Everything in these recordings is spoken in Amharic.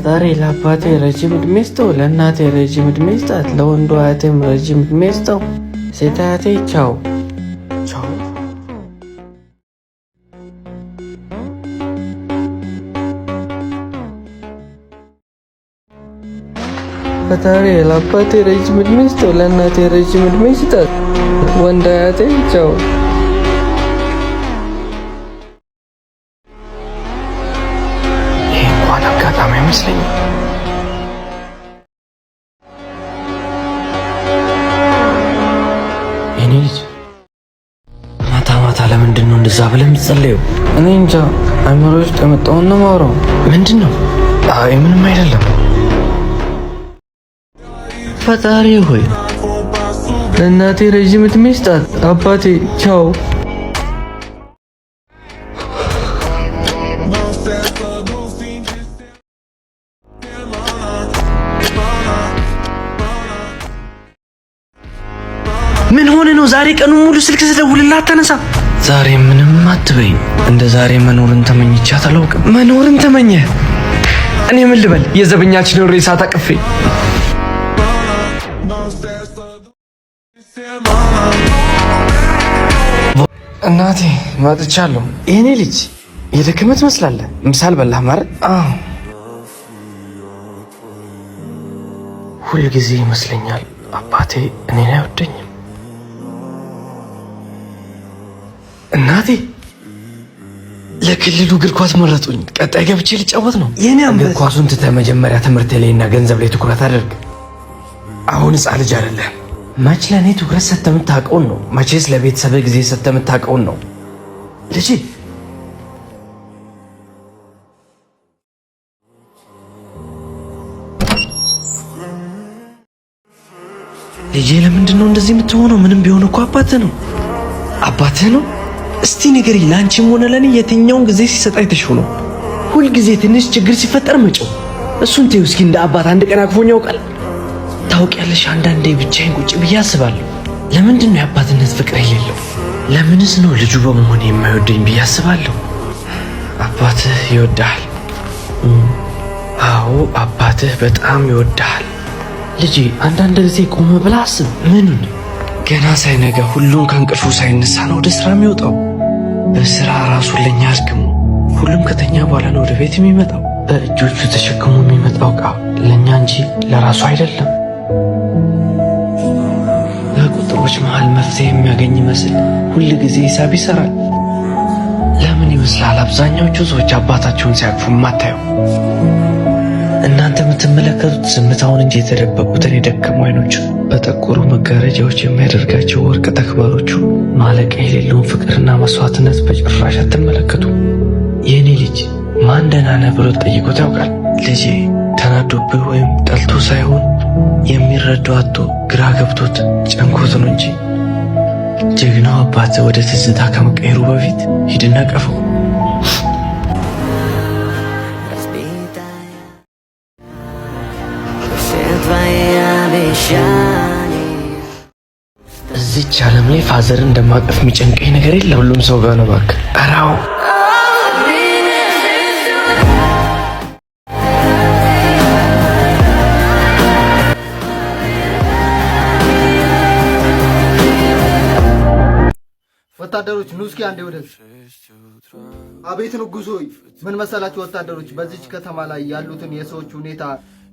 ፈጣሪ ለአባቴ ረጅም እድሜ ስጠው፣ ለእናቴ ረጅም እድሜ ስጣት፣ ለወንዱ አያቴም ረጅም እድሜ ስጠው። ሴት አያቴ ቻው ቻው። ፈጣሪ ለአባቴ ረጅም እድሜ ስጠው፣ ለእናቴ ረጅም እድሜ ስጣት፣ ወንድ አያቴ ቻው ማታ ለምንድን ነው እንደዛ ብለህ የምትጸለየው? እኔ እንጃ አእምሮ ውስጥ የመጣውን ነው የማወራው። ምንድን ነው? አይ ምንም አይደለም። ፈጣሪ ሆይ ለእናቴ ረዥም ዕድሜ ስጣት። አባቴ ቻው። ምን ሆነ ነው ዛሬ ቀኑን ሙሉ ስልክ ስደውልላት አታነሳም? ዛሬ ምንም አትበይ። እንደ ዛሬ መኖርን ተመኝቻት አላውቅም። መኖርን ተመኘ። እኔ ምን ልበል? የዘበኛችንን ሬሳ ታቅፌ እናቴ መጥቻለሁ። የኔ ልጅ የደከመ ትመስላለህ። ምሳል በላህ ማለት? አዎ፣ ሁልጊዜ ይመስለኛል አባቴ እኔን አይወደኝም። እናቴ ለክልሉ እግር ኳስ መረጡኝ። ቀጣይ ገብቼ ልጫወት ነው የኔ አንበሳ። እግር ኳሱን ትተህ መጀመሪያ ትምህርት ላይና ገንዘብ ላይ ትኩረት አድርግ። አሁን ሕፃን ልጅ አይደለህም። መች ለእኔ ትኩረት ሰጥተህ የምታውቀውን ነው፣ መቼስ ለቤተሰብህ ጊዜ ሰጥተህ የምታውቀውን ነው ልጄ። ልጄ ለምንድን ነው እንደዚህ የምትሆነው? ምንም ቢሆን እኮ አባትህ ነው፣ አባትህ ነው እስቲ ንገሪ፣ ላንቺም ሆነ ለኔ የትኛውን ጊዜ ሲሰጥ አይተሽው ነው? ሁልጊዜ ትንሽ ችግር ሲፈጠር መጨው እሱን ተይው እስኪ። እንደ አባት አንድ ቀን አቅፎኝ ያውቃል? ታውቂያለሽ፣ አንዳንዴ ብቻዬን ቁጭ ብዬ አስባለሁ። ለምንድን ነው የአባትነት ፍቅር የሌለው? ለምንስ ነው ልጁ በመሆን የማይወደኝ ብዬ አስባለሁ። አባትህ ይወድሃል። አዎ አባትህ በጣም ይወድሃል። ልጄ አንዳንድ ጊዜ ቆመ ብላ አስብ። ምኑን ገና ሳይነጋ ሁሉም ከእንቅልፉ ሳይነሳ ነው ወደ ስራ የሚወጣው። በስራ ራሱን ለኛ አድክሞ ሁሉም ከተኛ በኋላ ነው ወደ ቤት የሚመጣው። በእጆቹ ተሸክሞ የሚመጣው እቃ ለእኛ እንጂ ለራሱ አይደለም። በቁጥሮች መሃል መፍትሄ የሚያገኝ ይመስል ሁል ጊዜ ሂሳብ ይሰራል። ለምን ይመስላል አብዛኛዎቹ ሰዎች አባታቸውን ሲያቅፉ የማታየው? እናንተ የምትመለከቱት ዝምታውን እንጂ የተደበቁትን የደከሙ አይኖችን በጠቆሩ መጋረጃዎች የሚያደርጋቸው ወርቅ ተክበሮቹ ማለቂያ የሌለውን ፍቅርና መስዋዕትነት በጭራሽ አትመለከቱ። የእኔ ልጅ ማን ደህና ነህ ብሎ ጠይቆት ያውቃል? ልጄ ተናዶብህ ወይም ጠልቶ ሳይሆን የሚረዳው አቶ ግራ ገብቶት ጨንኮት ነው እንጂ። ጀግናው አባት ወደ ትዝታ ከመቀየሩ በፊት ሂድና ቀፈው። እዚች ዓለም ላይ ፋዘር እንደማቀፍ የሚጨንቀኝ ነገር የለ። ሁሉም ሰው ጋር ነው እባክህ። ወታደሮች ኑ እስኪ አንዴ አቤት ንጉሥ ሆይ ምን መሰላችሁ ወታደሮች፣ በዚች ከተማ ላይ ያሉትን የሰዎች ሁኔታ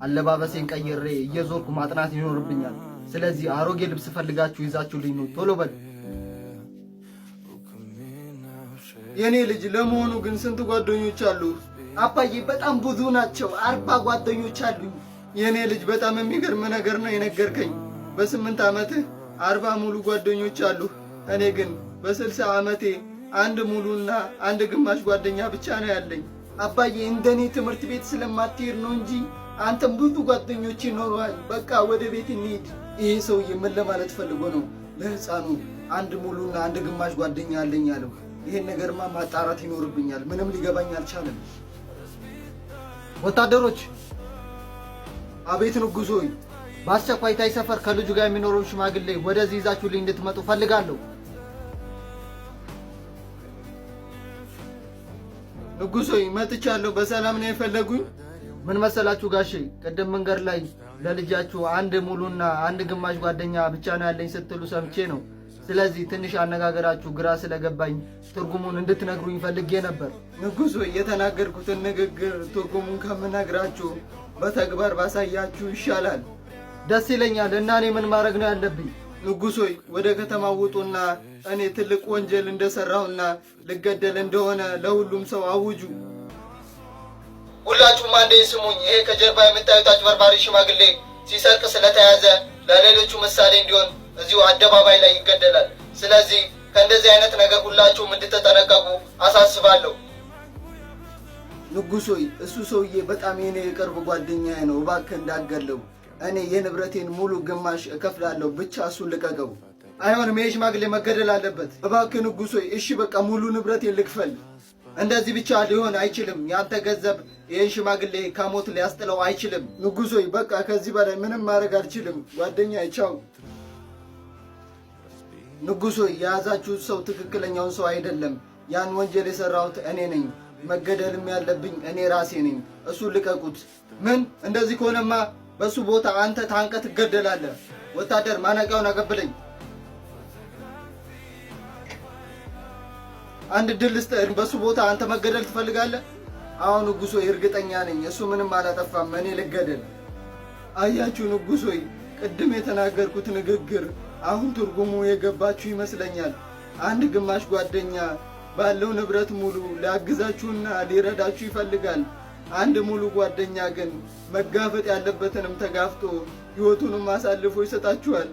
አለባበሴን ቀይሬ እየዞርኩ ማጥናት ይኖርብኛል። ስለዚህ አሮጌ ልብስ ፈልጋችሁ ይዛችሁ ልኝ ነው። ቶሎ በል። የእኔ ልጅ ለመሆኑ ግን ስንት ጓደኞች አሉ? አባዬ በጣም ብዙ ናቸው። አርባ ጓደኞች አሉ። የእኔ ልጅ በጣም የሚገርም ነገር ነው የነገርከኝ። በስምንት ዓመትህ አርባ ሙሉ ጓደኞች አሉ። እኔ ግን በስልሳ ዓመቴ አንድ ሙሉና አንድ ግማሽ ጓደኛ ብቻ ነው ያለኝ። አባዬ እንደኔ ትምህርት ቤት ስለማትሄድ ነው እንጂ አንተም ብዙ ጓደኞች ይኖረዋል። በቃ ወደ ቤት እንሂድ። ይሄ ሰውዬ ምን ለማለት ፈልጎ ነው? ለህፃኑ አንድ ሙሉና አንድ ግማሽ ጓደኛ አለኝ አለው። ይሄን ነገርማ ማጣራት ይኖርብኛል። ምንም ሊገባኝ አልቻለም። ወታደሮች! አቤት ንጉሶ፣ በአስቸኳይ ታይ ሰፈር ከልጁ ጋር የሚኖረውን ሽማግሌ ወደዚህ ይዛችሁልኝ እንድትመጡ ፈልጋለሁ። ንጉሶ፣ መጥቻለሁ። በሰላም ነው የፈለጉኝ? ምን መሰላችሁ ጋሼ፣ ቅድም መንገድ ላይ ለልጃችሁ አንድ ሙሉና አንድ ግማሽ ጓደኛ ብቻ ነው ያለኝ ስትሉ ሰምቼ ነው። ስለዚህ ትንሽ አነጋገራችሁ ግራ ስለገባኝ ትርጉሙን እንድትነግሩኝ ፈልጌ ነበር። ንጉሱ የተናገርኩትን ንግግር ትርጉሙን ከምነግራችሁ በተግባር ባሳያችሁ ይሻላል። ደስ ይለኛል። እና እኔ ምን ማድረግ ነው ያለብኝ? ንጉሶይ ወደ ከተማ ውጡና እኔ ትልቅ ወንጀል እንደሰራሁና ልገደል እንደሆነ ለሁሉም ሰው አውጁ። ሁላችሁም አንዴ ስሙኝ። ይሄ ከጀርባ የምታዩት አጭበርባሪ ሽማግሌ ሲሰርቅ ስለተያዘ ለሌሎቹ ምሳሌ እንዲሆን እዚሁ አደባባይ ላይ ይገደላል። ስለዚህ ከእንደዚህ አይነት ነገር ሁላችሁም እንድትጠነቀቁ አሳስባለሁ። ንጉሶ፣ እሱ ሰውዬ በጣም የኔ የቅርብ ጓደኛ ነው። እባክህ እንዳገለው እኔ የንብረቴን ሙሉ ግማሽ እከፍላለሁ። ብቻ እሱን ልቀቀው። አይሆንም፣ ይሄ ሽማግሌ መገደል አለበት። እባክህ ንጉሶ፣ እሺ፣ በቃ ሙሉ ንብረቴን ልክፈል። እንደዚህ ብቻ ሊሆን አይችልም። ያንተ ገንዘብ ይህን ሽማግሌ ከሞት ሊያስጥለው አይችልም። ንጉሶይ በቃ ከዚህ በላይ ምንም ማድረግ አልችልም። ጓደኛ ይቻው ንጉሶይ፣ የያዛችሁ ሰው ትክክለኛውን ሰው አይደለም። ያን ወንጀል የሰራሁት እኔ ነኝ። መገደልም ያለብኝ እኔ ራሴ ነኝ። እሱን ልቀቁት። ምን እንደዚህ ከሆነማ በእሱ ቦታ አንተ ታንቀ ትገደላለህ። ወታደር ማነቂያውን አገብለኝ። አንድ ድል ስጥ። በሱ ቦታ አንተ መገደል ትፈልጋለህ? አሁን ንጉሶ እርግጠኛ ነኝ እሱ ምንም አላጠፋም። እኔ ልገደል? አያችሁ ንጉሶይ፣ ቅድም የተናገርኩት ንግግር አሁን ትርጉሙ የገባችሁ ይመስለኛል። አንድ ግማሽ ጓደኛ ባለው ንብረት ሙሉ ሊያግዛችሁና ሊረዳችሁ ይፈልጋል። አንድ ሙሉ ጓደኛ ግን መጋፈጥ ያለበትንም ተጋፍጦ ሕይወቱንም አሳልፎ ይሰጣችኋል።